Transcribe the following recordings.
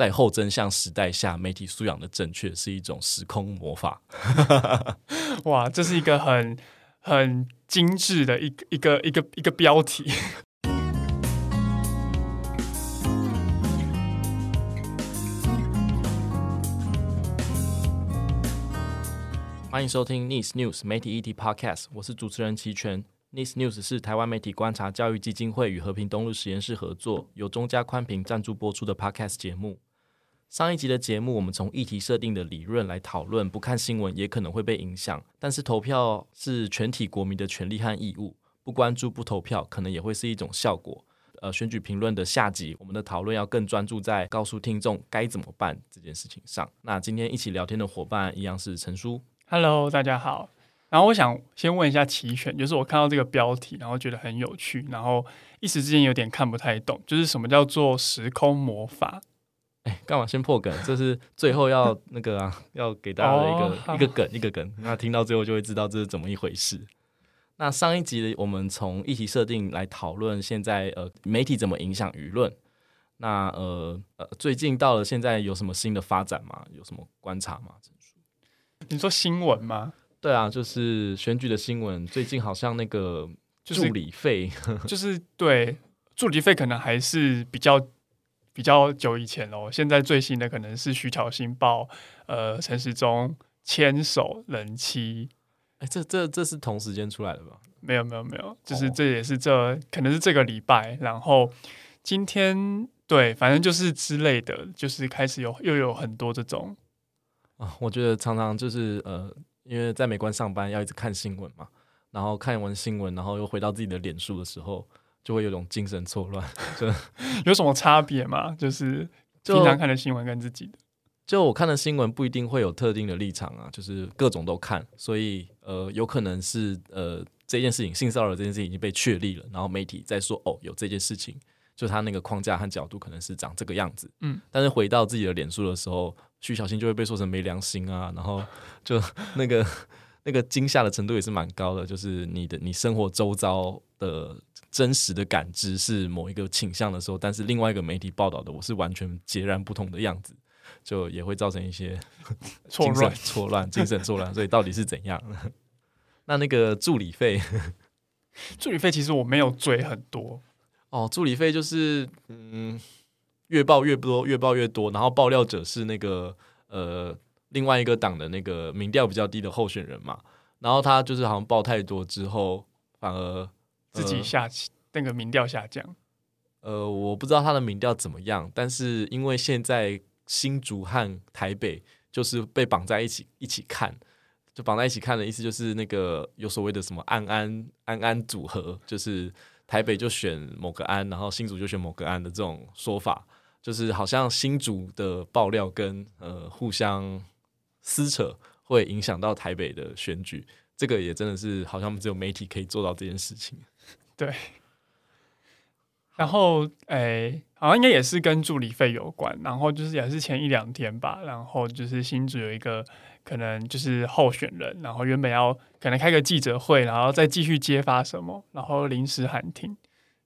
在後真相時代下，媒體素養的正確是一種時空魔法。 哇，這是一個很很精緻的一個一個一個一個標題。歡迎收聽 Nice News 媒體 ET Podcast，我是主持人齊全。Nice News 是台灣媒體觀察教育基金會與和平東路實驗室合作，由中嘉寬頻贊助播出的 Podcast 節目。上一集的節目，我們從議題設定的理論來討論，不看新聞也可能會被影響。但是投票是全體國民的權利和義務，不關注不投票，可能也會是一種效果。呃，選舉評論的下集，我們的討論要更專注在告訴聽眾該怎麼辦這件事情上。那今天一起聊天的夥伴一樣是陳書。Hello，大家好。然後我想先問一下齊全，就是我看到這個標題，然後覺得很有趣，然後一時之間有點看不太懂，就是什麼叫做時空魔法？哎，幹嘛先破梗？這是最後要那個啊， 要給大家的一個、哦、一個梗，啊、一個梗。那聽到最後就會知道這是怎麼一回事。那上一集我們從議題設定來討論，現在呃，媒體怎麼影響輿論？那呃呃，最近到了現在有什麼新的發展嗎？有什麼觀察嗎？你說新聞嗎？對啊，就是選舉的新聞。最近好像那個助理費，就是、就是對助理費可能還是比較。比較久以前哦，現在最新的可能是徐巧芯爆，呃，陳時中牽手人妻，哎、欸，這這這是同時間出來的吧沒？沒有沒有沒有，就是這也是這、哦、可能是這個禮拜，然後今天對，反正就是之類的，就是開始有又有很多這種啊，我覺得常常就是呃，因為在媒觀上班要一直看新聞嘛，然後看完新聞，然後又回到自己的臉書的時候。就會有種精神錯亂，就 有什麼差別嗎？就是經就常看的新聞跟自己的，就我看的新聞不一定會有特定的立場啊，就是各種都看，所以呃，有可能是呃這件事情性騷擾的這件事情已經被確立了，然後媒體在說哦有這件事情，就他那個框架和角度可能是長這個樣子，嗯，但是回到自己的臉書的時候，徐小新就會被說成沒良心啊，然後就那個那個驚嚇的程度也是蠻高的，就是你的你生活周遭的。真實的感知是某一個傾向的時候，但是另外一個媒體報道的我是完全截然不同的樣子，就也會造成一些錯亂、錯亂、精神錯亂。所以到底是怎樣？ 那那個助理費， 助理費其實我沒有追很多哦。助理費就是嗯，越報越多，越報越多。然後爆料者是那個呃另外一個黨的那個民調比較低的候選人嘛，然後他就是好像報太多之後反而。自己下起、呃、那個民調下降，呃，我不知道他的民調怎麼樣，但是因為現在新竹和台北就是被綁在一起一起看，就綁在一起看的意思就是那個有所謂的什麼安安安安組合，就是台北就選某個安，然後新竹就選某個安的這種說法，就是好像新竹的爆料跟呃互相撕扯會影響到台北的選舉，這個也真的是好像只有媒體可以做到這件事情。對，然後哎，好像應該也是跟助理費有關。然後就是也是前一兩天吧，然後就是新竹有一個可能就是候選人，然後原本要可能開個記者會，然後再繼續揭發什麼，然後臨時喊停，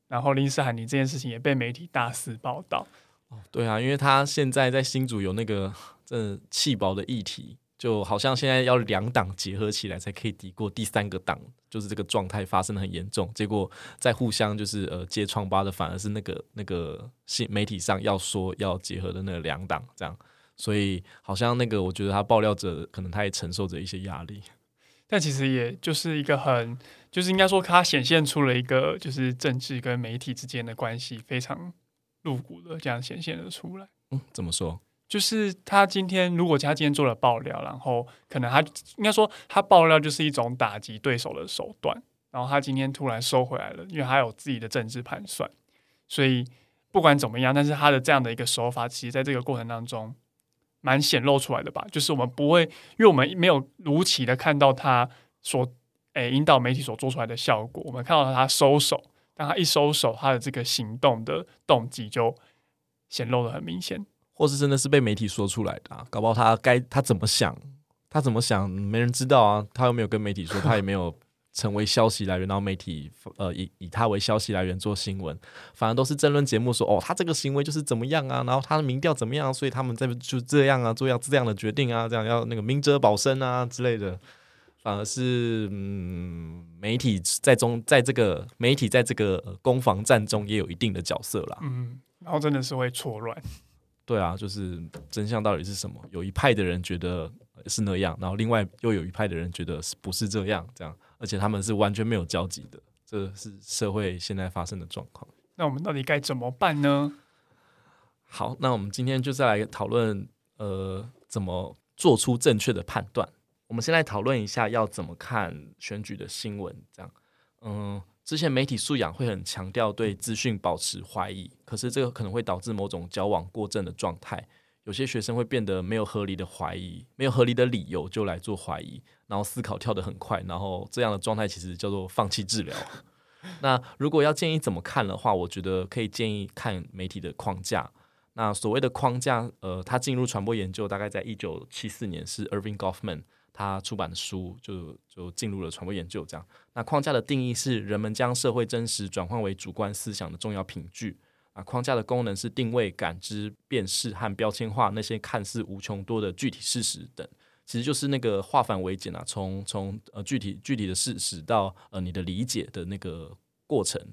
然後臨時喊停這件事情也被媒體大肆報道。哦，對啊，因為他現在在新竹有那個這氣薄的議題。就好像現在要兩黨結合起來才可以抵過第三個黨，就是這個狀態發生得很嚴重。結果在互相就是呃揭瘡疤的，反而是那個那個新媒體上要說要結合的那兩黨這樣。所以好像那個我覺得他爆料者可能他也承受着一些壓力，但其實也就是一個很就是應該說他顯現出了一個就是政治跟媒體之間的關係非常露骨的這樣顯現的出來。嗯，怎麼說？就是他今天，如果他今天做了爆料，然後可能他應該說他爆料就是一種打擊對手的手段，然後他今天突然收回來了，因為他有自己的政治盤算。所以不管怎麼樣，但是他的這樣的一個手法，其實在這個過程當中蠻顯露出來的吧。就是我們不會，因為我們沒有如期的看到他所誒、欸、引導媒體所做出來的效果，我們看到他收手，但他一收手，他的這個行動的動機就顯露得很明顯。或是真的是被媒體說出來的啊，搞不好他該他怎麼想，他怎麼想，沒人知道啊。他又沒有跟媒體說，他也沒有成為消息來源，然後媒體呃以以他為消息來源做新聞，反而都是爭論節目說哦，他這個行為就是怎麼樣啊，然後他的民調怎麼樣啊，所以他們在就這樣啊，做要這樣的決定啊，這樣要那個明哲保身啊之類的，反而是嗯，媒體在中在這個媒體在這個攻防戰中也有一定的角色啦。嗯，然後真的是會錯亂。對啊，就是真相到底是什麼？有一派的人覺得是那樣，然後另外又有一派的人覺得是不是這樣？這樣，而且他們是完全沒有交集的，這是社會現在發生的狀況。那我們到底該怎麼辦呢？好，那我們今天就再來討論，呃，怎麼做出正確的判斷。我們先來討論一下要怎麼看選舉的新聞，這樣，嗯、呃。之前媒體素養會很強調對資訊保持懷疑，可是這個可能會導致某種矯枉過正的狀態。有些學生會變得沒有合理的懷疑，沒有合理的理由就來做懷疑，然後思考跳得很快，然後這樣的狀態其實叫做放棄治療。 那如果要建議怎麼看的話，我覺得可以建議看媒體的框架。那所謂的框架，呃，它進入傳播研究大概在一九七四年是 Erving Goffman。他出版的書就就進入了傳播研究，這樣。那框架的定義是人們將社會真實轉換為主觀思想的重要憑據啊。框架的功能是定位、感知、辨識和標籤化那些看似無窮多的具體事實等，其實就是那個化繁為簡啊，從從呃具體具體的事實到呃你的理解的那個過程。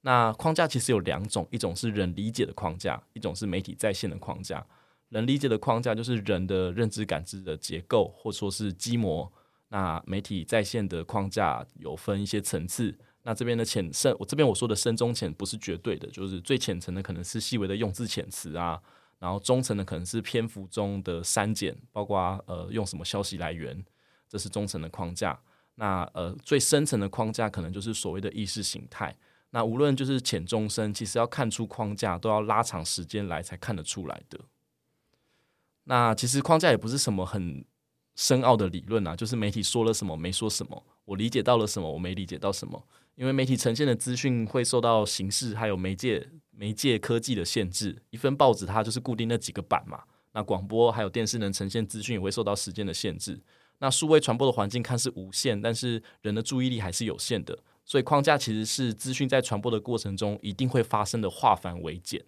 那框架其實有兩種，一種是人理解的框架，一種是媒體再現的框架。能理解的框架就是人的認知感知的結構，或是說是基模。那媒體在線的框架有分一些層次。那這邊的淺深，我這邊我說的深中淺不是絕對的，就是最淺層的可能是細微的用字遣詞啊，然後中層的可能是篇幅中的刪減，包括呃用什麼消息來源，這是中層的框架。那呃最深層的框架可能就是所謂的意識形態。那無論就是淺中深，其實要看出框架，都要拉長時間來才看得出來的。那其實框架也不是什麼很深奧的理論啊，就是媒體說了什麼，沒說什麼，我理解到了什麼，我沒理解到什麼。因為媒體呈現的資訊會受到形式，還有媒介、媒介科技的限制。一份報紙它就是固定那幾個版嘛，那廣播還有電視能呈現資訊也會受到時間的限制。那數位傳播的環境看似無限，但是人的注意力還是有限的，所以框架其實是資訊在傳播的過程中一定會發生的化繁為簡。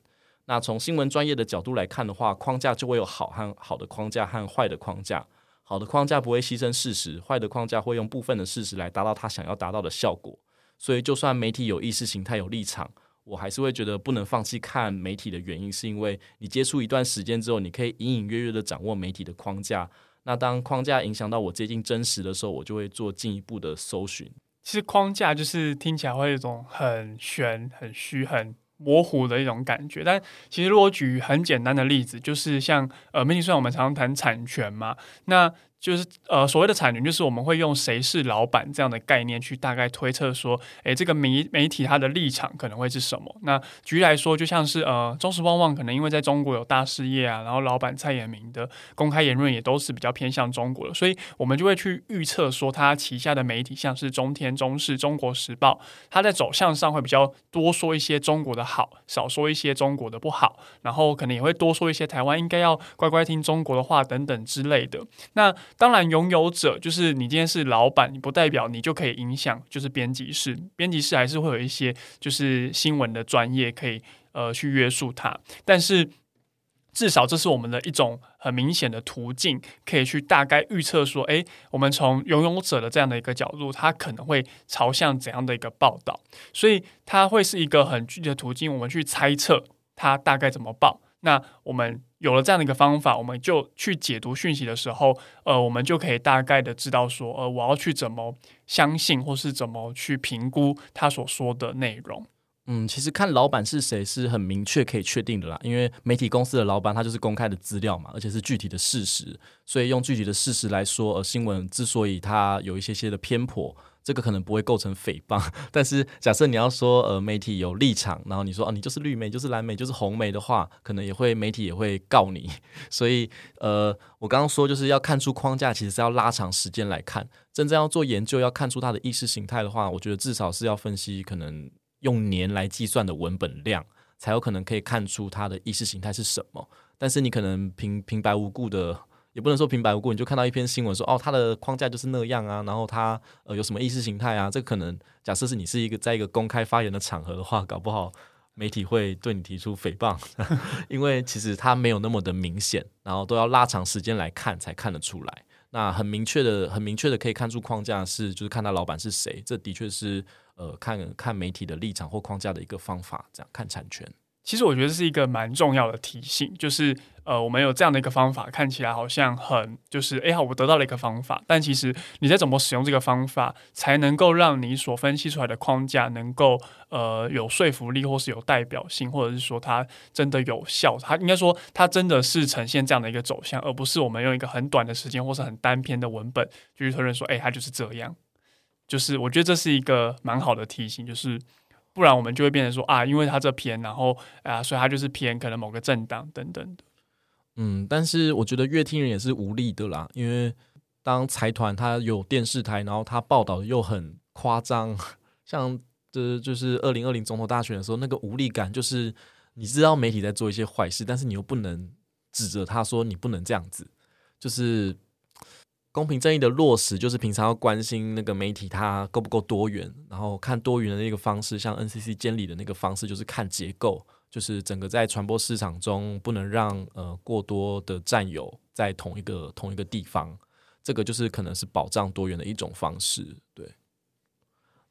那從新聞專業的角度來看的話，框架就會有好和好的框架和壞的框架。好的框架不會犧牲事實，壞的框架會用部分的事實來達到他想要達到的效果。所以，就算媒體有意識形態、有立場，我還是會覺得不能放棄看媒體的原因，是因為你接觸一段時間之後，你可以隱隱約約地掌握媒體的框架。那當框架影響到我接近真實的時候，我就會做進一步的搜尋。其實框架就是聽起來會有一種很玄、很虛、很。模糊的一種感覺，但其實如果舉很簡單的例子，就是像呃，面積說我們常常談產權嘛，那，就是呃所謂的產權，就是我們會用誰是老闆這樣的概念去大概推測說，誒、欸，這個媒媒體它的立場可能會是什麼？那舉例來說，就像是呃中時旺旺，可能因為在中國有大事業啊，然後老闆蔡衍明的公開言論也都是比較偏向中國的，所以我們就會去預測說，他旗下的媒體像是中天、中視、中國時報，它在走向上會比較多說一些中國的好，少說一些中國的不好，然後可能也會多說一些台灣應該要乖乖聽中國的話等等之類的。那當然，擁有者就是你。今天是老板，你不代表你就可以影響。就是編輯室，編輯室還是會有一些就是新聞的專業可以呃去約束它。但是至少這是我們的一種很明顯的途徑，可以去大概預測說，哎、欸，我們從擁有者的這樣的一個角度，他可能會朝向怎樣的一個報道。所以它會是一個很具體的途徑，我們去猜測它大概怎麼報。那我們。有了這樣的一個方法，我們就去解讀訊息的時候，呃，我們就可以大概的知道說，呃，我要去怎麼相信或是怎麼去評估他所說的內容。嗯，其實看老板是誰是很明確可以確定的啦，因為媒體公司的老板他就是公開的資料嘛，而且是具體的事實，所以用具體的事實來說，呃，新聞之所以它有一些些的偏頗。這個可能不會構成誹謗，但是假設你要說，呃，媒體有立場，然後你說哦、啊，你就是綠媒，就是藍媒，就是紅媒的話，可能也會媒體也會告你。所以，呃，我剛剛說就是要看出框架，其實是要拉長時間來看。真正要做研究，要看出它的意識形態的話，我覺得至少是要分析可能用年來計算的文本量，才有可能可以看出它的意識形態是什麼。但是你可能平平白無故的。也不能說，平白無故你就看到一篇新聞說哦，他的框架就是那樣啊，然後他呃有什麼意識形態啊，這可能假設是你是一個在一個公開發言的場合的話，搞不好媒體會對你提出誹謗， 因為其實他沒有那麼的明顯，然後都要拉長時間來看才看得出來。那很明確的、很明確的可以看出框架是就是看他老闆是誰，這的確是呃看看媒體的立場或框架的一個方法，這樣看產權。其實我覺得這是一個蠻重要的提醒，就是呃，我們有這樣的一個方法，看起來好像很就是哎，欸、好，我得到了一個方法。但其實你在怎麼使用這個方法，才能夠讓你所分析出來的框架能夠呃有說服力，或是有代表性，或者是說它真的有效，它應該說它真的是呈現這樣的一個走向，而不是我們用一個很短的時間或是很單篇的文本就是確認說，誒、欸，它就是這樣。就是我覺得這是一個蠻好的提醒，就是。不然我們就會變成說啊，因為他這偏，然後啊，所以他就是偏，可能某個政黨等等。嗯，但是我覺得閱聽人也是無力的啦，因為當財團他有電視台，然後他報道又很誇張，像這就是二零二零總統大選的時候，那個無力感就是你知道媒體在做一些壞事，但是你又不能指責他說你不能這樣子，就是。公平正義的落實，就是平常要關心那個媒體它夠不夠多元，然後看多元的那個方式，像 NCC 監理的那個方式，就是看結構，就是整個在傳播市場中不能讓呃過多的佔有在同一個同一個地方，這個就是可能是保障多元的一種方式。對，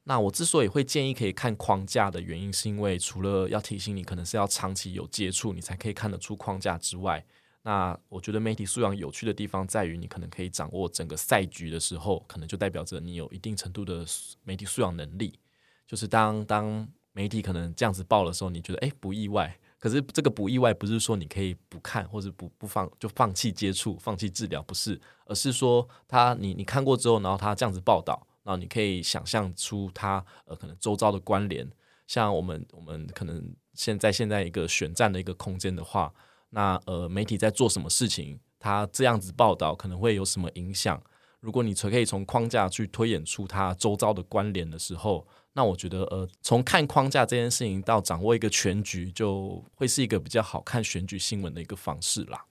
那我之所以會建議可以看框架的原因，是因為除了要提醒你，可能是要長期有接觸，你才可以看得出框架之外。那我覺得媒體素養有趣的地方在於，你可能可以掌握整個賽局的時候，可能就代表着你有一定程度的媒體素養能力。就是當當媒體可能這樣子報的時候，你覺得誒不意外。可是這個不意外，不是說你可以不看或者不不放就放棄接觸、放棄治療，不是，而是說他你你看過之後，然後他這樣子報道，然後你可以想象出他呃可能周遭的關聯。像我們我們可能現在現在一個選戰的一個空間的話。那呃，媒體在做什麼事情？他這樣子報道可能會有什麼影響？如果你從可以從框架去推演出他週遭的關聯的時候，那我覺得呃，從看框架這件事情到掌握一個全局，就會是一個比較好看選舉新聞的一個方式啦。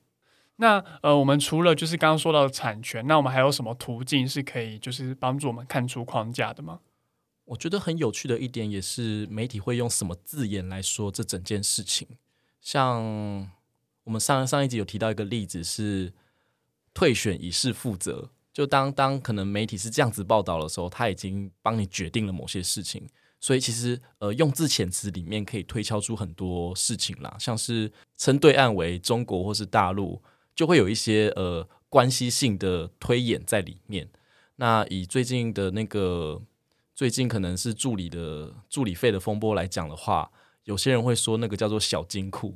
那呃，我們除了就是剛剛說到的產權，那我們還有什麼途徑是可以就是幫助我們看出框架的嗎？我覺得很有趣的一點也是媒體會用什麼字眼來說這整件事情，像。我們上上一集有提到一個例子是退選以示負責，就當當可能媒體是這樣子報道的時候，它已經幫你決定了某些事情，所以其實呃用字遣詞裡面可以推敲出很多事情啦，像是稱對岸為中國或是大陸，就會有一些呃關係性的推演在裡面。那以最近的那個最近可能是助理的助理費的風波來講的話，有些人會說那個叫做小金庫。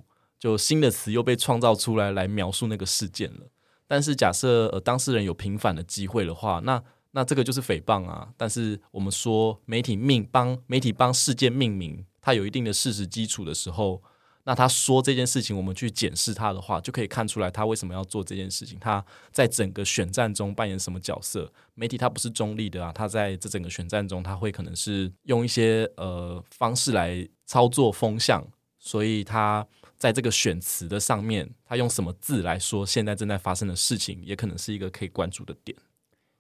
有新的詞又被創造出來來描述那個事件了。但是假，假設呃當事人有平反的機會的話，那那這個就是誹謗啊。但是，我們說媒體命幫媒體幫事件命名，它有一定的事實基礎的時候，那他說這件事情，我們去檢視他的話，就可以看出來他為什麼要做這件事情，他在整個選戰中扮演什麼角色。媒體它不是中立的啊，它在這整個選戰中，他會可能是用一些呃方式來操作風向，所以它。在這個選詞的上面，他用什麼字來說現在正在發生的事情，也可能是一個可以關注的點。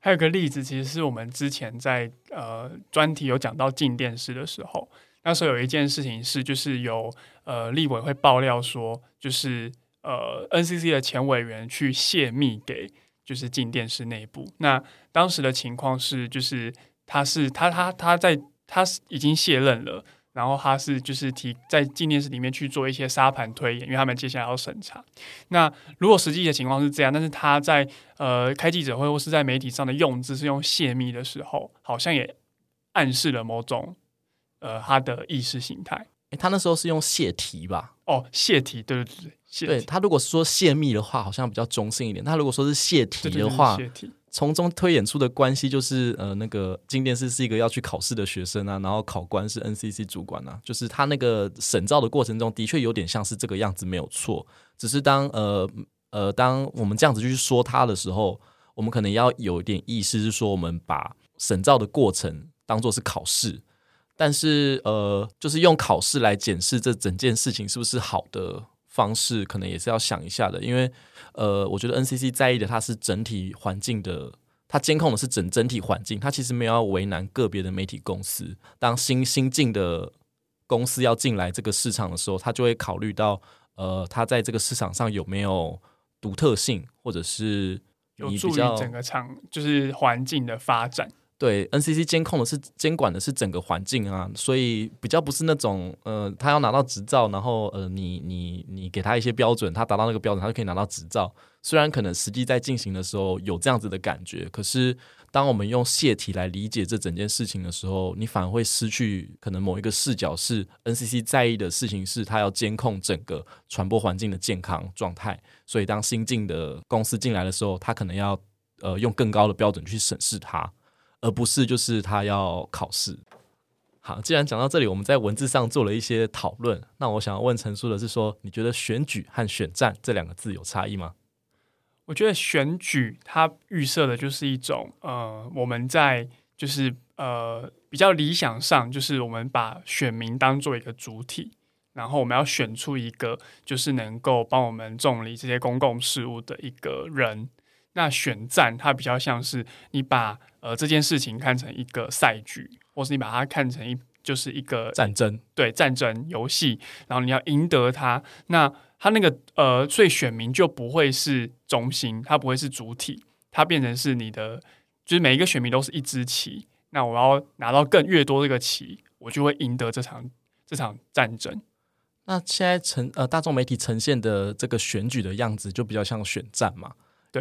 還有個例子，其實是我們之前在呃專題有講到鏡電視的時候，那時候有一件事情是，就是有呃立委會爆料說，就是呃 NCC 的前委員去泄密給就是鏡電視內部。那當時的情況是，就是他是他他他在他已經卸任了。然後他是就是提在紀念室裡面去做一些沙盤推演，因為他們接下來要審查。那如果實際的情況是這樣，但是他在呃開記者會或是在媒體上的用字是用“泄密”的時候，好像也暗示了某種呃他的意識形態。誒，他那時候是用洩題吧？哦，洩題，對對對洩對，對他如果說洩密的話，好像比較中性一點。他如果說是洩題的話，對對對對洩題，從中推演出的關係就是，呃，那個鏡電視是一個要去考試的學生啊，然後考官是 NCC 主管啊，就是他那個審照的過程中的確有點像是這個樣子，沒有錯。只是當呃呃，當我們這樣子去說他的時候，我們可能要有一點意思是說我們把審照的過程當做是考試。但是，呃，就是用考試來檢視這整件事情是不是好的方式，可能也是要想一下的。因為，呃，我覺得 NCC 在意的，它是整體環境的，它監控的是整整體環境。它其實沒有要為難個別的媒體公司。當新新進的公司要進來這個市場的時候，它就會考慮到，呃，它在這個市場上有沒有獨特性，或者是有助於整個場就是環境的發展。對，NCC 監控的是監管的是整個環境啊，所以比較不是那種呃，他要拿到執照，然後呃，你你你給他一些標準，他達到那個標準，他就可以拿到執照。雖然可能實際在進行的時候有這樣子的感覺，可是當我們用泄體來理解這整件事情的時候，你反而會失去可能某一個視角是 NCC 在意的事情是，他要監控整個傳播環境的健康狀態。所以當新進的公司進來的時候，他可能要呃用更高的標準去審視它。而不是就是他要考試。好，既然講到這裡，我們在文字上做了一些討論，那我想要問陳述的是說，說你覺得選舉和選戰這兩個字有差異嗎？我覺得選舉它預設的就是一種，呃，我們在就是呃比較理想上，就是我們把選民當做一個主體，然後我們要選出一個就是能夠幫我們重理這些公共事務的一個人。那選戰，它比較像是你把呃這件事情看成一個賽局，或是你把它看成一就是一個戰爭，對戰爭遊戲，然後你要贏得它。那它那個呃所以選民就不會是中心，它不會是主體，它變成是你的，就是每一個選民都是一支棋。那我要拿到更越多這個棋，我就會贏得這場這場戰爭。那現在呈呃大眾媒體呈現的這個選舉的樣子，就比較像選戰嘛。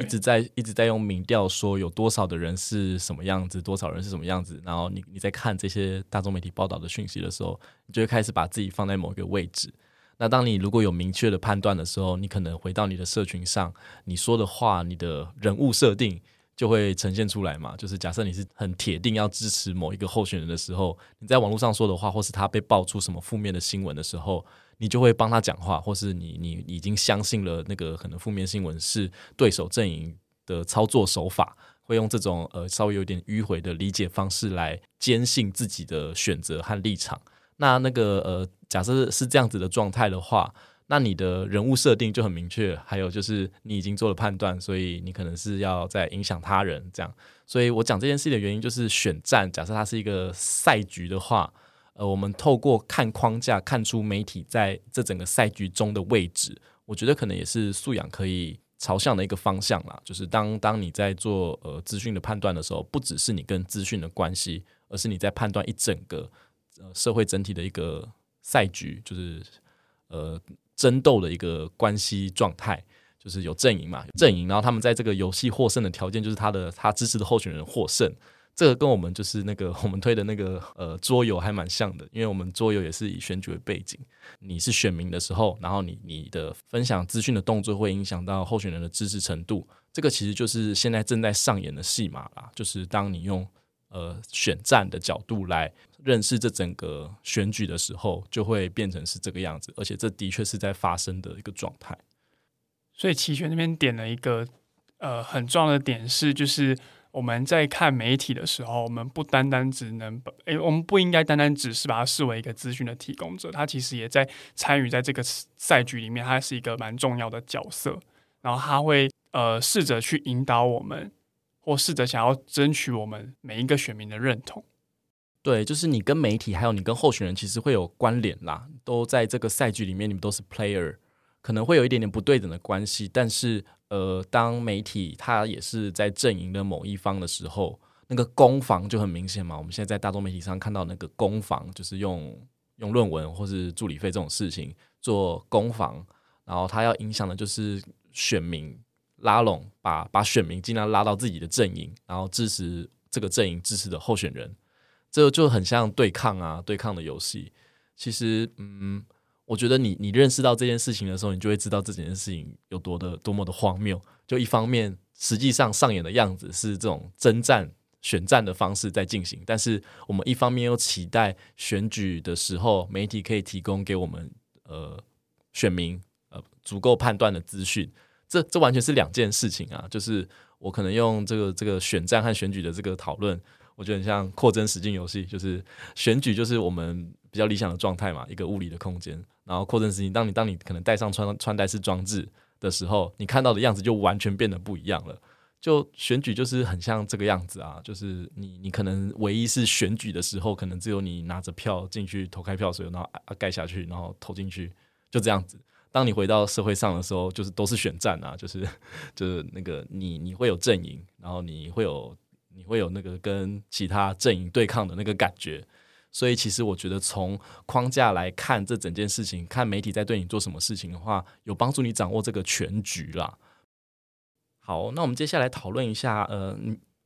一直在一直在用民調說有多少的人是什麼樣子，多少人是什麼樣子。然後你你在看這些大眾媒體報道的訊息的時候，你就會開始把自己放在某一個位置。那當你如果有明確的判斷的時候，你可能回到你的社群上，你說的話，你的人物設定就會呈現出來嘛。就是假設你是很鐵定要支持某一個候選人的時候，你在網絡上說的話，或是他被爆出什麼負面的新聞的時候。你就會幫他講話，或是你你已經相信了那個可能負面新聞是對手陣營的操作手法，會用這種呃稍微有點迂回的理解方式來堅信自己的選擇和立場。那那個呃，假設是這樣子的狀態的話，那你的人物設定就很明確，還有就是你已經做了判斷，所以你可能是要在影響他人這樣。所以我講這件事情的原因就是選戰，假設它是一個賽局的話。呃，我們透過看框架看出媒體在這整個賽局中的位置，我覺得可能也是素養可以朝向的一個方向啦。就是當當你在做呃資訊的判斷的時候，不只是你跟資訊的關係，而是你在判斷一整個，呃，社會整體的一個賽局，就是呃爭鬥的一個關係狀態，就是有陣營嘛，有陣營，然後他們在這個遊戲獲勝的條件就是他的他支持的候選人獲勝。這個跟我們就是那個我們推的那個呃桌遊還蠻像的，因為我們桌遊也是以選舉為背景，你是選民的時候，然後你你的分享資訊的動作會影響到候選人的支持程度，這個其實就是現在正在上演的戲碼啦。就是當你用呃選戰的角度來認識這整個選舉的時候，就會變成是這個樣子，而且這的確是在發生的一個狀態。所以齊全那邊點了一個呃很重要的點是，就是。我們在看媒體的時候，我們不單單只能把，誒、欸，我們不應該單單只是把它視為一個資訊的提供者，他其實也在參與在這個賽局裡面，他是一個蠻重要的角色。然後他會呃試着去引導我們，或試着想要爭取我們每一個選民的認同。對，就是你跟媒體，還有你跟候選人，其實會有關聯啦，都在這個賽局裡面，你們都是 player，可能會有一點點不對等的關係，但是。呃，當媒體他也是在陣營的某一方的時候，那個攻防就很明顯嘛。我們現在在大眾媒體上看到那個攻防，就是用用論文或是助理費這種事情做攻防，然後他要影響的就是選民拉，拉攏，把把選民盡量拉到自己的陣營，然後支持這個陣營支持的候選人。這個就很像對抗啊，對抗的遊戲。其實，嗯。我覺得你你認識到這件事情的時候，你就會知道這件事情有多的多麼的荒謬。就一方面，實際上上演的樣子是這種征戰、選戰的方式在進行；但是我們一方面又期待選舉的時候，媒體可以提供給我們呃選民呃足夠判斷的資訊。這這完全是兩件事情啊！就是我可能用這個這個選戰和選舉的這個討論。我覺得很像擴增實境遊戲，就是選舉，就是我們比較理想的狀態嘛，一個物理的空間。然後擴增實境，當你當你可能戴上穿穿戴式裝置的時候，你看到的樣子就完全變得不一樣了。就選舉就是很像這個樣子啊，就是你你可能唯一是選舉的時候，可能只有你拿着票進去投開票所，然後，啊啊，蓋下去，然後投進去，就這樣子。當你回到社會上的時候，就是都是選戰啊，就是就是那個你你會有陣營，然後你會有。你會有那個跟其他陣營對抗的那個感覺，所以其實我覺得從框架來看這整件事情，看媒體在對你做什麼事情的話，有幫助你掌握這個全局啦。好，那我們接下來討論一下，呃，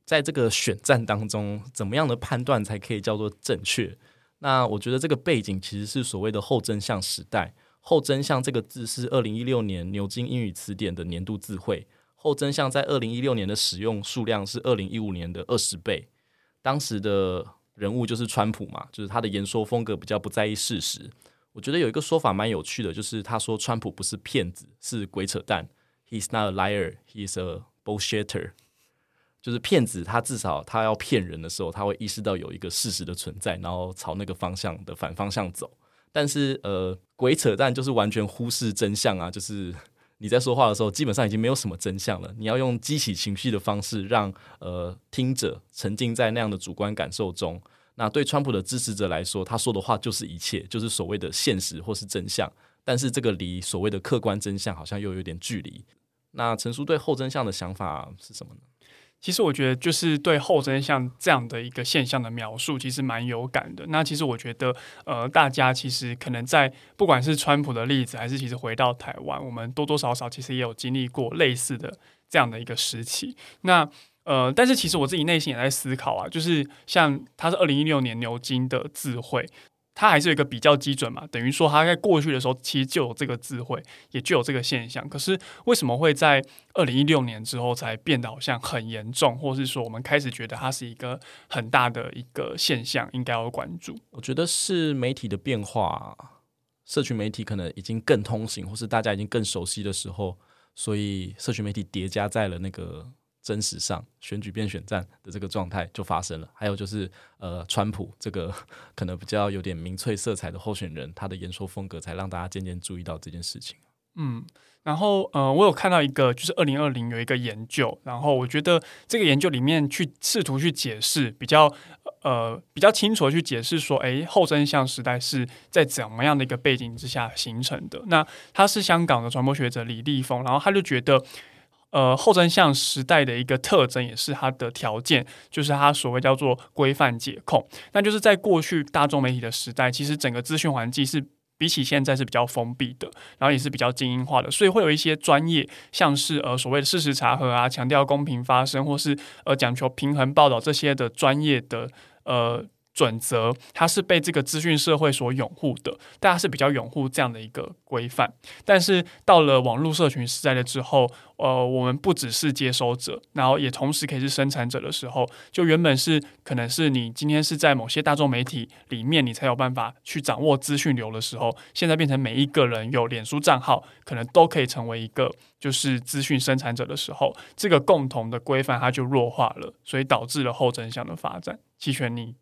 在這個選戰當中，怎麼樣的判斷才可以叫做正確？那我覺得這個背景其實是所謂的“後真相時代”，“後真相”這個字是二零一六年牛津英語詞典的年度智慧。後真相在二零一六年的使用數量是二零一五年的二十倍。當時的人物就是川普嘛，就是他的言說風格比較不在意事實。我覺得有一個說法蠻有趣的，就是他說川普不是騙子，是鬼扯淡。He's not a liar, he's a bullshitter。就是騙子，他至少他要騙人的時候，他會意識到有一個事實的存在，然後朝那個方向的反方向走。但是呃，鬼扯淡就是完全忽視真相啊，就是。你在說話的時候，基本上已經沒有什麼真相了。你要用激起情緒的方式讓，讓呃聽者沉浸在那樣的主觀感受中。那對川普的支持者來說，他說的話就是一切，就是所謂的現實或是真相。但是這個離所謂的客觀真相好像又有點距離。那陳叔對後真相的想法是什麼呢？其實我覺得，就是對後真相這樣的一個現象的描述，其實蠻有感的。那其實我覺得，呃，大家其實可能在不管是川普的例子，還是其實回到台灣，我們多多少少其實也有經歷過類似的這樣的一個時期。那呃，但是其實我自己內心也在思考啊，就是像他是二零一六年牛津的智慧。它還是有一個比較基準嘛，等於說它在過去的時候，其實就有這個智慧，也就有這個現象。可是為什麼會在二零一六年之後才變得好像很嚴重，或是說我們開始覺得它是一個很大的一個現象，應該要關注？我覺得是媒體的變化，社群媒體可能已經更通行，或是大家已經更熟悉的時候，所以社群媒體疊加在了那個，真實上選舉變選戰的這個狀態就發生了，還有就是呃，川普這個可能比較有點民粹色彩的候選人，他的演說風格才讓大家漸漸注意到這件事情。嗯，然後呃，我有看到一個就是二零二零有一個研究，然後我覺得這個研究裡面去試圖去解釋比較呃比較清楚地去解釋說，誒，後真相時代是在怎麼樣的一個背景之下形成的？那他是香港的傳播學者李立峰，然後他就覺得。呃，後真相時代的一個特徵也是它的條件，就是它所謂叫做規範解控。那就是在過去大眾媒體的時代，其實整個資訊環境是比起現在是比較封閉的，然後也是比較精英化的，所以會有一些專業，像是呃所謂的事實查核啊，強調公平發聲，或是呃講求平衡報道這些的專業的呃。準則它是被這個資訊社會所擁護的，大家是比較擁護這樣的一個規範。但是到了網絡社群時代了之後，呃，我們不只是接收者，然後也同時可以是生產者的時候，就原本是可能是你今天是在某些大眾媒體裡面，你才有辦法去掌握資訊流的時候，現在變成每一個人有臉書賬號，可能都可以成為一個就是資訊生產者的時候，這個共同的規範它就弱化了，所以導致了後真相的發展。期權，你。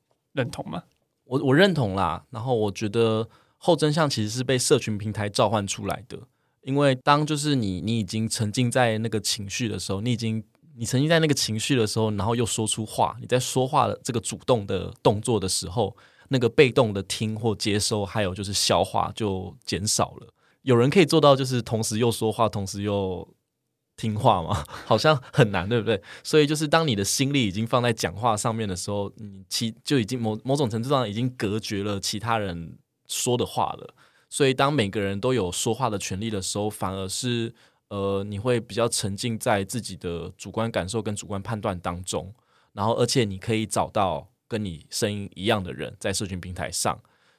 認同嗎？我我認同啦。然後我覺得後真相其實是被社群平台召喚出來的，因為當就是你你已經沉浸在那個情緒的時候，你已經你沉浸在那個情緒的時候，然後又說出話，你在說話的這個主動的動作的時候，那個被動的聽或接收，還有就是消化就減少了。有人可以做到，就是同時又說話，同時又。聽話嗎，好像很難，對不對？所以就是當你的心力已經放在講話上面的時候，你其就已經某某種程度上已經隔絕了其他人說的話了。所以當每個人都有說話的權利的時候，反而是呃，你會比較沉浸在自己的主觀感受跟主觀判斷當中，然後而且你可以找到跟你聲音一樣的人在社群平台上。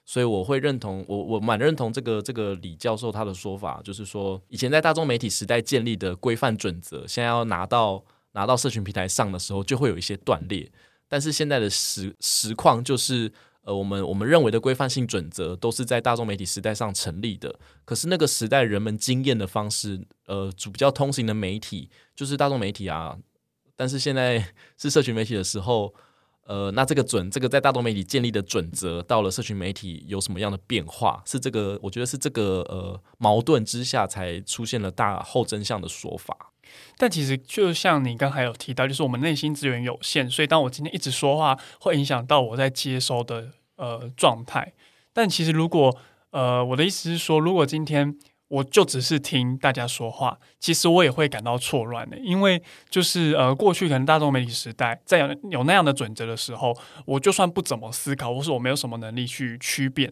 所以我會認同我我蠻認同這個這個李教授他的說法，就是說以前在大眾媒體時代建立的規範準則，現在要拿到拿到社群平台上的時候，就會有一些斷裂。但是現在的實實況就是，呃，我們我們認為的規範性準則都是在大眾媒體時代上成立的，可是那個時代人們經驗的方式，呃，主比較通行的媒體就是大眾媒體啊。但是現在是社群媒體的時候。呃，那這個準，這個在大眾媒體建立的準則，到了社群媒體有什麼樣的變化？是這個，我覺得是這個呃矛盾之下才出現了大後真相的說法。但其實就像你剛才有提到，就是我們內心資源有限，所以當我今天一直說話，會影響到我在接收的呃狀態。但其實如果呃，我的意思是說，如果今天。我就只是聽大家說話，其實我也會感到錯亂的，因為就是呃，過去可能大眾媒體時代，在有有那樣的準則的時候，我就算不怎麼思考，或是我沒有什麼能力去區辨，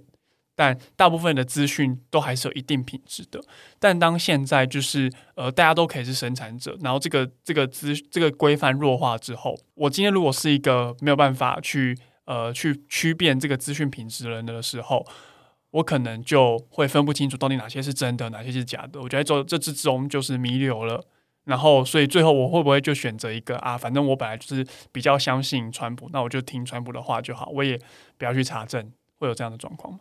但大部分的資訊都還是有一定品質的。但當現在就是呃，大家都可以是生產者，然後這個這個資這個規範弱化之後，我今天如果是一個沒有辦法去呃去區辨這個資訊品質的人的時候。我可能就會分不清楚到底哪些是真的，哪些是假的。我覺得這這之中就是彌留了，然後所以最後我會不會就選擇一個啊，反正我本來就是比較相信川普，那我就聽川普的話就好，我也不要去查證。會有這樣的狀況嗎？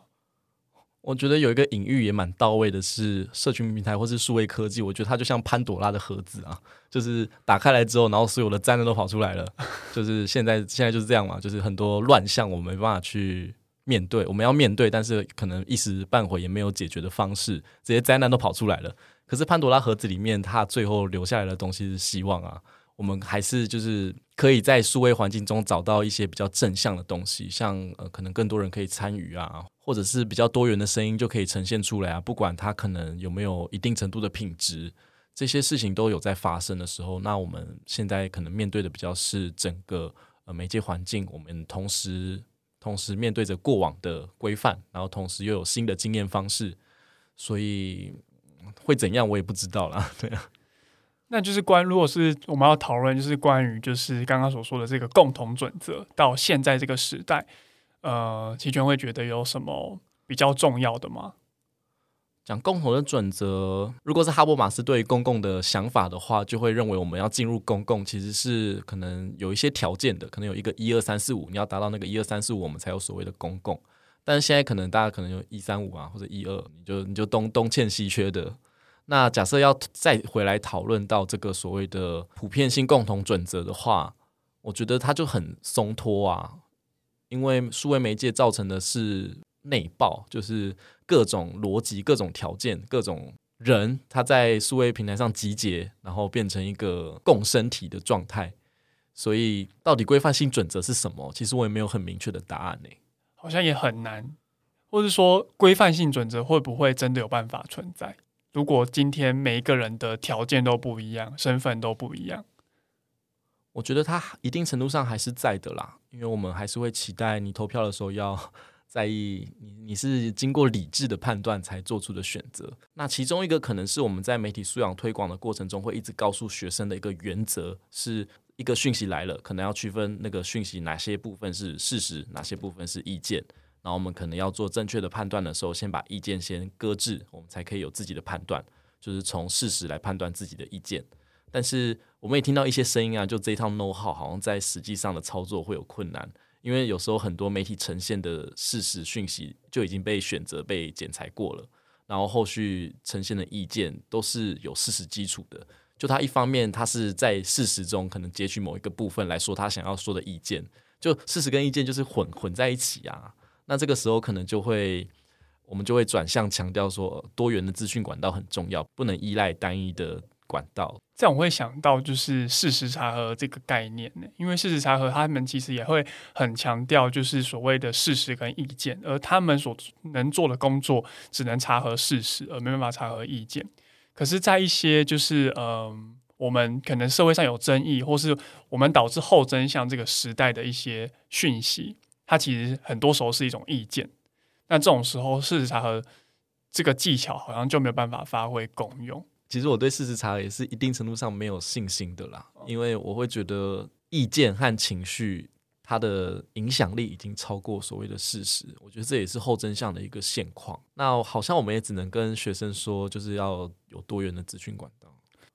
我覺得有一個隱喻也蠻到位的，是社羣平台或是數位科技，我覺得它就像潘朵拉的盒子啊，就是打開來之後，然後所有的災難都跑出來了， 就是現在現在就是這樣嘛，就是很多亂象，我沒辦法去。面對，我們要面對，但是可能一時半會也沒有解決的方式。這些災難都跑出來了，可是潘多拉盒子裡面，它最後留下來的東西是希望啊。我們還是就是可以在數位環境中找到一些比較正向的東西，像呃，可能更多人可以參與啊，或者是比較多元的聲音就可以呈現出來啊。不管它可能有沒有一定程度的品質，這些事情都有在發生的時候，那我們現在可能面對的比較是整個呃媒介環境，我們同時。同時面對着過往的規範，然後同時又有新的經驗方式，所以會怎樣我也不知道啦。對啊，那就是關於。如果是我們要討論，就是關於就是剛剛所說的這個共同準則，到現在這個時代，呃，齊全會覺得有什麼比較重要的嗎？講共同的準則，如果是哈伯馬斯對於公共的想法的話，就會認為我們要進入公共其實是可能有一些條件的，可能有一個一二三四五，你要達到那個一二三四五，我們才有所謂的公共。但是現在可能大家可能有一三五啊，或者一二，你就你就東東欠西缺的。那假設要再回來討論到這個所謂的普遍性共同準則的話，我覺得它就很鬆脫啊，因為數位媒介造成的是內爆，就是。各種邏輯、各種條件、各種人，他在數位平台上集結，然後變成一個共生體的狀態。所以，到底規範性準則是什麼？其實我也沒有很明確的答案呢，欸。好像也很難，或者說規範性準則會不會真的有辦法存在？如果今天每一個人的條件都不一樣，身份都不一樣，我覺得他一定程度上還是在的啦。因為我們還是會期待你投票的時候要。在意你，你是經過理智的判斷才做出的選擇。那其中一個可能是我們在媒體素養推廣的過程中會一直告訴學生的一個原則，是一個訊息來了，可能要區分那個訊息哪些部分是事實，哪些部分是意見，然後我們可能要做正確的判斷的時候，先把意見先擱置，我們才可以有自己的判斷，就是從事實來判斷自己的意見。但是我們也聽到一些聲音啊，就這一套 know-how 好像在實際上的操作會有困難。因為有時候很多媒體呈現的事實訊息就已經被選擇、被剪裁過了，然後後續呈現的意見都是有事實基礎的。就他一方面，他是在事實中可能截取某一個部分來說他想要說的意見，就事實跟意見就是混混在一起啊。那這個時候可能就會，我們就會轉向強調說，多元的資訊管道很重要，不能依賴單一的。管道。這樣我會想到就是事實查核這個概念呢，因為事實查核他們其實也會很強調就是所謂的事實跟意見，而他們所能做的工作只能查核事實，而沒辦法查核意見。可是，在一些就是嗯、呃，我們可能社會上有爭議，或是我們導致後真相這個時代的一些訊息，它其實很多時候是一種意見，那這種時候事實查核這個技巧好像就沒有辦法發揮功用。其實我對事實查也是一定程度上沒有信心的啦，因為我會覺得意見和情緒它的影響力已經超過所謂的事實，我覺得這也是後真相的一個現況。那好像我們也只能跟學生說，就是要有多元的資訊管道。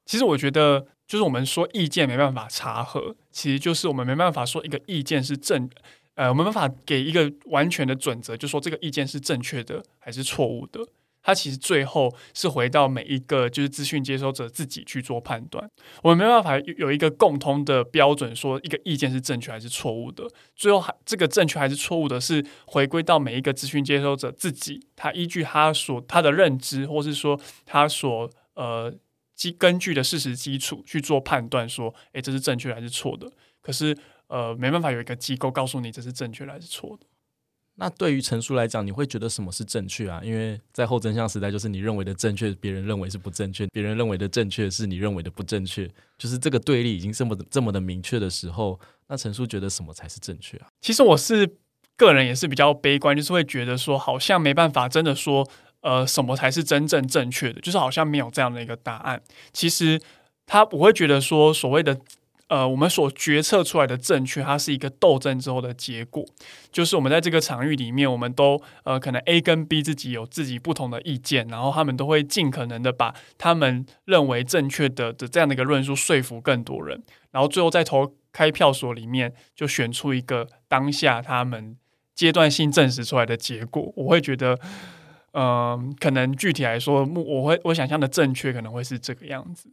其實我覺得，就是我們說意見沒辦法查核，其實就是我們沒辦法說一個意見是正，呃，我們沒辦法給一個完全的準則，就說這個意見是正確的還是錯誤的。他其實最後是回到每一個就是資訊接收者自己去做判斷。我們沒辦法有一個共通的標準，說一個意見是正確還是錯誤的。最後，還這個正確還是錯誤的，是回歸到每一個資訊接收者自己，他依據他所他的認知，或是說他所呃基根據的事實基礎去做判斷，說誒這是正確還是錯的。可是呃，沒辦法有一個機構告訴你這是正確還是錯的。那對於陳叔來講，你會覺得什麼是正確啊？因為在後真相時代，就是你認為的正確，別人認為是不正確；別人認為的正確，是你認為的不正確。就是這個對立已經這麼這麼的明確的時候，那陳叔覺得什麼才是正確啊？其實我是個人也是比較悲觀，就是會覺得說，好像沒辦法真的說，呃，什麼才是真正正確的，就是好像沒有這樣的一個答案。其實他，不會覺得說，所謂的。呃，我們所決策出來的正確，它是一個鬥爭之後的結果，就是我們在這個場域裡面，我們都呃，可能 A 跟 B 自己有自己不同的意見，然後他們都會盡可能的把他們認為正確的的這樣的一個論述說服更多人，然後最後在投開票所裡面就選出一個當下他們階段性證實出來的結果。我會覺得，嗯、呃，可能具體來說，我會我想象的正確可能會是這個樣子。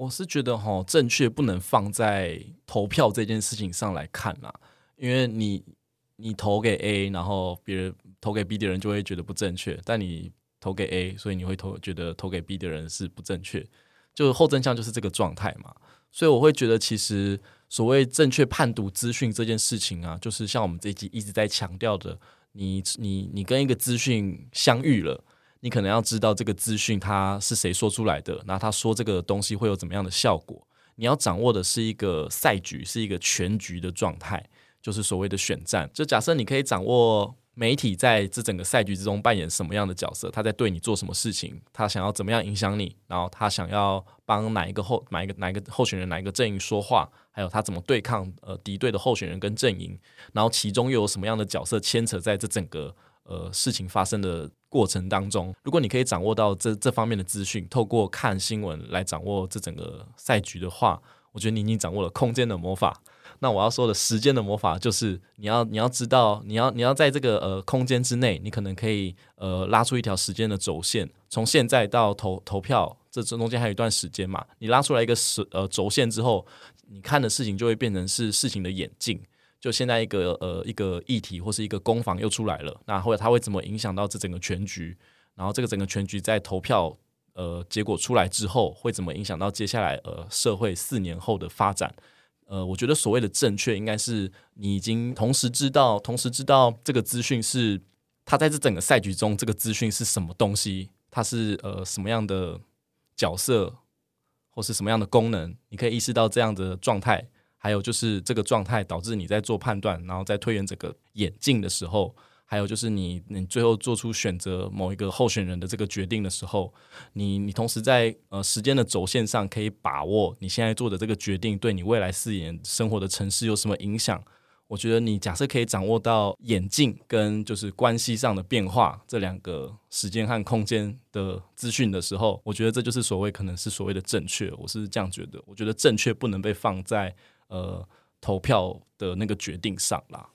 我是覺得齁，正確不能放在投票這件事情上來看啦、啊，因為你你投給 A，然後別人投給 B 的人就會覺得不正確，但你投給 A，所以你會投覺得投給 B 的人是不正確，就後真相，就是這個狀態嘛，所以我會覺得其實所謂正確判讀資訊這件事情啊，就是像我們這期一,一直在強調的，你你你跟一個資訊相遇了。你可能要知道這個資訊它是誰說出來的，那他說這個東西會有怎麼樣的效果？你要掌握的是一個賽局，是一個全局的狀態，就是所謂的選戰。就假設你可以掌握媒體在這整個賽局之中扮演什麼樣的角色，他在對你做什麼事情，他想要怎麼樣影響你，然後他想要幫哪一個候、哪一個哪一個候選人、哪一個陣營說話，還有他怎麼對抗呃敵對的候選人跟陣營，然後其中又有什麼樣的角色牽扯在這整個呃事情發生的過程當中，如果你可以掌握到這這方面的資訊，透過看新聞來掌握這整個賽局的話，我覺得你已經掌握了空間的魔法。那我要說的時間的魔法，就是你要你要知道，你要你要在這個呃空間之內，你可能可以呃拉出一條時間的軸線，從現在到投投票，這中間還有一段時間嘛，你拉出來一個時呃軸線之後，你看的事情就會變成是事情的演進。就現在一個呃一個議題或是一個攻防又出來了，那後來他會怎麼影響到這整個全局？然後這個整個全局在投票呃結果出來之後，會怎麼影響到接下來呃社會四年後的發展？呃，我覺得所謂的正確，應該是你已經同時知道，同時知道這個資訊是它在這整個賽局中，這個資訊是什麼東西，它是呃什麼樣的角色，或是什麼樣的功能？你可以意識到這樣的狀態。還有就是這個狀態導致你在做判斷，然後再推演整個演進的時候，還有就是你你最後做出選擇某一個候選人的這個決定的時候，你你同時在呃時間的軸線上可以把握你現在做的這個決定對你未來四年生活的城市有什麼影響？我覺得你假設可以掌握到演進跟就是關係上的變化這兩個時間和空間的資訊的時候，我覺得這就是所謂可能是所謂的正確。我是這樣覺得，我覺得正確不能被放在。呃，投票的那個決定上啦，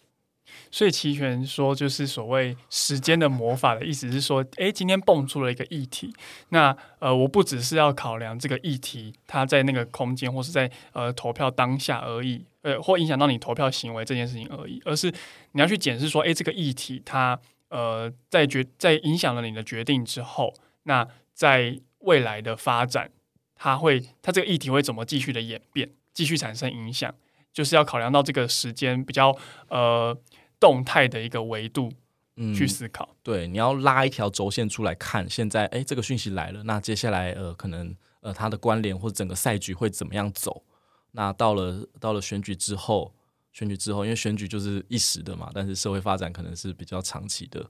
所以齊全說就是所謂時間的魔法的意思是說，哎，今天蹦出了一個議題，那呃，我不只是要考量這個議題它在那個空間或是在呃投票當下而已，呃，或影響到你投票行為這件事情而已，而是你要去解釋說，哎，這個議題它呃在決在影響了你的決定之後，那在未來的發展，它會它這個議題會怎麼繼續的演變？繼續產生影響，就是要考量到這個時間比較呃動態的一個維度去思考、嗯。對，你要拉一條軸線出來看，現在哎、欸、這個訊息來了，那接下來呃可能呃它的關聯或整個賽局會怎麼樣走？那到了到了選舉之後，選舉之後，因為選舉就是一時的嘛，但是社會發展可能是比較長期的。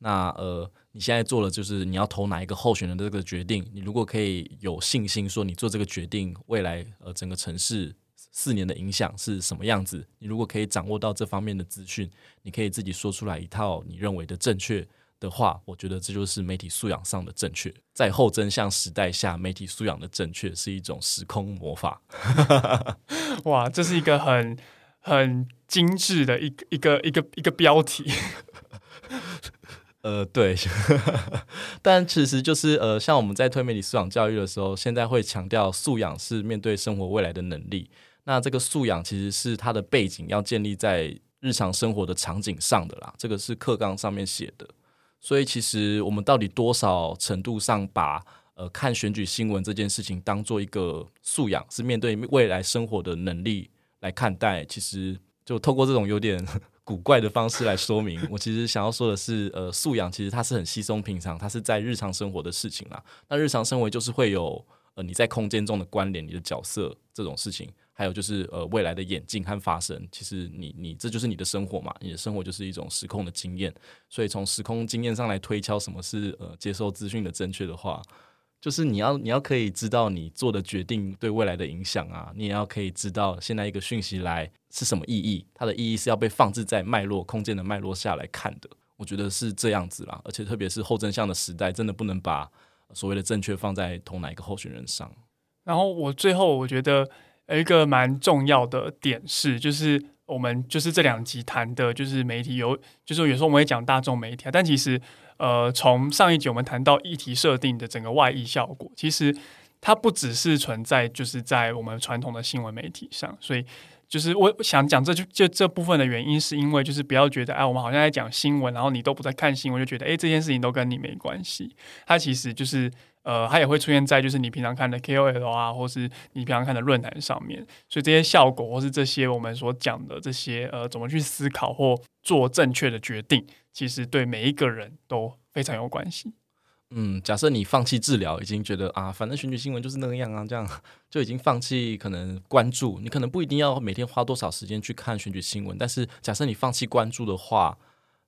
那呃，你現在做了就是你要投哪一個候選人的這個決定？你如果可以有信心說你做這個決定，未來呃，整個城市四年的影響是什麼樣子？你如果可以掌握到這方面的資訊，你可以自己說出來一套你認為的正確的話，我覺得這就是媒體素養上的正確。在後真相時代下，媒體素養的正確是一種時空魔法。 哇，這是一個很很精致的一個一個一個一個標題。 呃，對， 但其實就是呃，像我們在推媒體素養教育的時候，現在會強調素養是面對生活未來的能力。那這個素養其實是它的背景要建立在日常生活的場景上的啦，這個是課綱上面寫的。所以，其實我們到底多少程度上把呃看選舉新聞這件事情當做一個素養，是面對未來生活的能力來看待，其實就透過這種有點。 古怪的方式來說明，我其實想要說的是，呃，素養其實它是很稀鬆平常，它是在日常生活的事情啦。那日常生活就是會有，呃，你在空間中的關聯，你的角色這種事情，還有就是呃未來的演進和發生。其實你你這就是你的生活嘛，你的生活就是一種時空的經驗。所以從時空經驗上來推敲什麼是呃接受資訊的正確的話。就是你要，你要可以知道你做的決定對未來的影響啊，你也要可以知道現在一個訊息來是什麼意義，它的意義是要被放置在脈絡空間的脈絡下來看的。我覺得是這樣子啦，而且特別是後真相的時代，真的不能把所謂的正確放在同哪一個候選人上。然後我最後我覺得有一個蠻重要的點是，就是我們就是這兩集談的，就是媒體有，就是有時候我們會講大眾媒體啊，但其實。呃，從上一集我們談到議題設定的整個外溢效果，其實它不只是存在，就是在我們傳統的新聞媒體上。所以，就是我想講這就這部分的原因，是因為就是不要覺得，哎，我們好像在講新聞，然後你都不在看新聞，就覺得，哎，這件事情都跟你沒關係。它其實就是。呃，它也會出現在就是你平常看的 KOL 啊，或是你平常看的論壇上面。所以這些效果或是這些我們所講的這些呃，怎麼去思考或做正確的決定，其實對每一個人都非常有關係。嗯，假設你放棄治療，已經覺得啊，反正選舉新聞就是那個樣啊，這樣就已經放棄可能關注。你可能不一定要每天花多少時間去看選舉新聞，但是假設你放棄關注的話。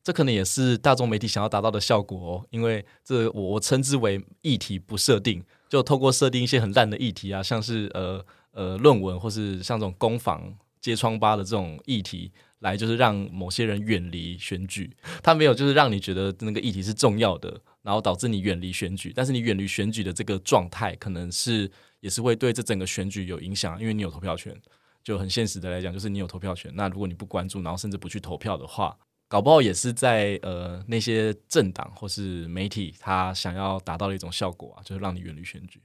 這可能也是大眾媒體想要達到的效果哦，因為這我,我稱之為議題不設定，就透過設定一些很爛的議題啊，像是呃呃論文或是像這種攻防揭瘡疤的這種議題，來就是讓某些人遠離選舉。他沒有就是讓你覺得那個議題是重要的，然後導致你遠離選舉。但是你遠離選舉的這個狀態，可能是也是會對這整個選舉有影響啊，因為你有投票權。就很現實的來講，就是你有投票權。那如果你不關注，然後甚至不去投票的話，搞不好也是在呃那些政黨或是媒體，他想要達到的一種效果啊，就是讓你遠離選舉。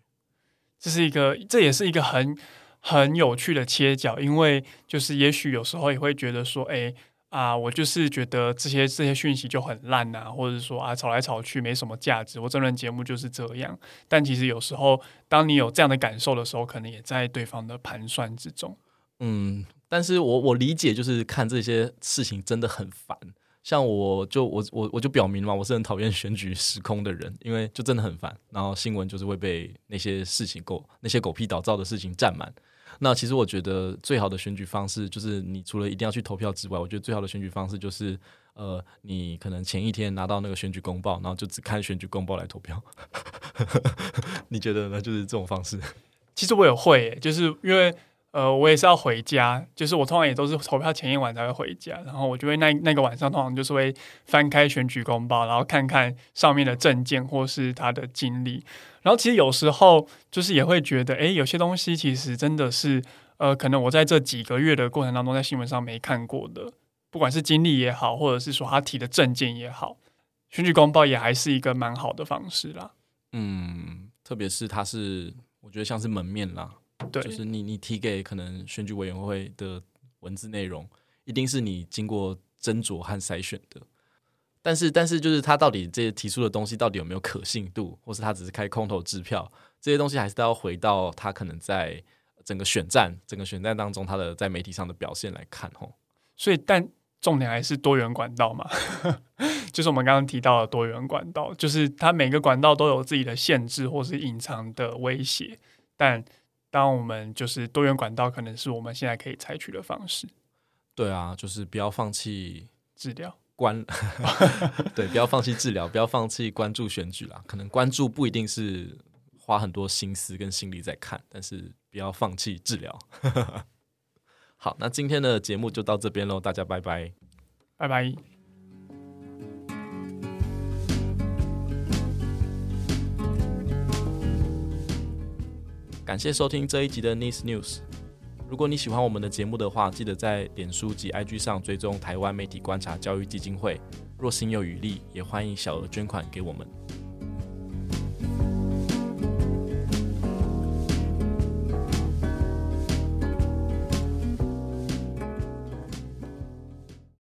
這是一個，這也是一個很很有趣的切角，因為就是也許有時候也會覺得說，哎、欸、啊，我就是覺得這些這些訊息就很爛啊，或者說啊，吵來吵去沒什麼價值，我這輪節目就是這樣。但其實有時候當你有這樣的感受的時候，可能也在對方的盤算之中。嗯。但是我我理解，就是看這些事情真的很煩。像我就我我我就表明嘛，我是很討厭選舉時空的人，因為就真的很煩。然後新聞就是會被那些事情狗那些狗屁倒灶的事情占滿。那其實我覺得最好的選舉方式就是，你除了一定要去投票之外，我覺得最好的選舉方式就是，呃，你可能前一天拿到那個選舉公報，然後就只看選舉公報來投票。 你覺得呢？就是這種方式？其實我也會、欸，就是因為。呃，我也是要回家，就是我通常也都是投票前一晚才會回家，然後我就會那那個晚上通常就是會翻開選舉公報，然後看看上面的政見或是他的經歷，然後其實有時候就是也會覺得，哎，有些東西其實真的是，呃，可能我在這幾個月的過程當中，在新聞上沒看過的，不管是經歷也好，或者是說他提的政見也好，選舉公報也還是一個蠻好的方式啦。嗯，特別是它是，我覺得像是門面啦。對，就是你你提給可能選舉委員會的文字內容，一定是你經過斟酌和篩選的。但是，但是，就是他到底這些提出的東西到底有沒有可信度，或是他只是開空頭支票？這些東西還是都要回到他可能在整個選戰、整個選戰當中他的在媒體上的表現來看。哦，所以，但重點還是多元管道嘛， 就是我們剛剛提到的多元管道，就是它每個管道都有自己的限制或是隱藏的威脅，但。當我們就是多元管道，可能是我們現在可以採取的方式。對啊，就是不要放棄治療療，關 對，不要放棄治療，不要放棄關注選舉啦。可能關注不一定是花很多心思跟心力在看，但是不要放棄治療。 好，那今天的節目就到這邊嘍，大家拜拜，拜拜。感謝收聽這一集的 Nice News。如果你喜歡我們的節目的話，記得在臉書及 IG 上追蹤台灣媒體觀察教育基金會。若心有餘力，也歡迎小額捐款給我們。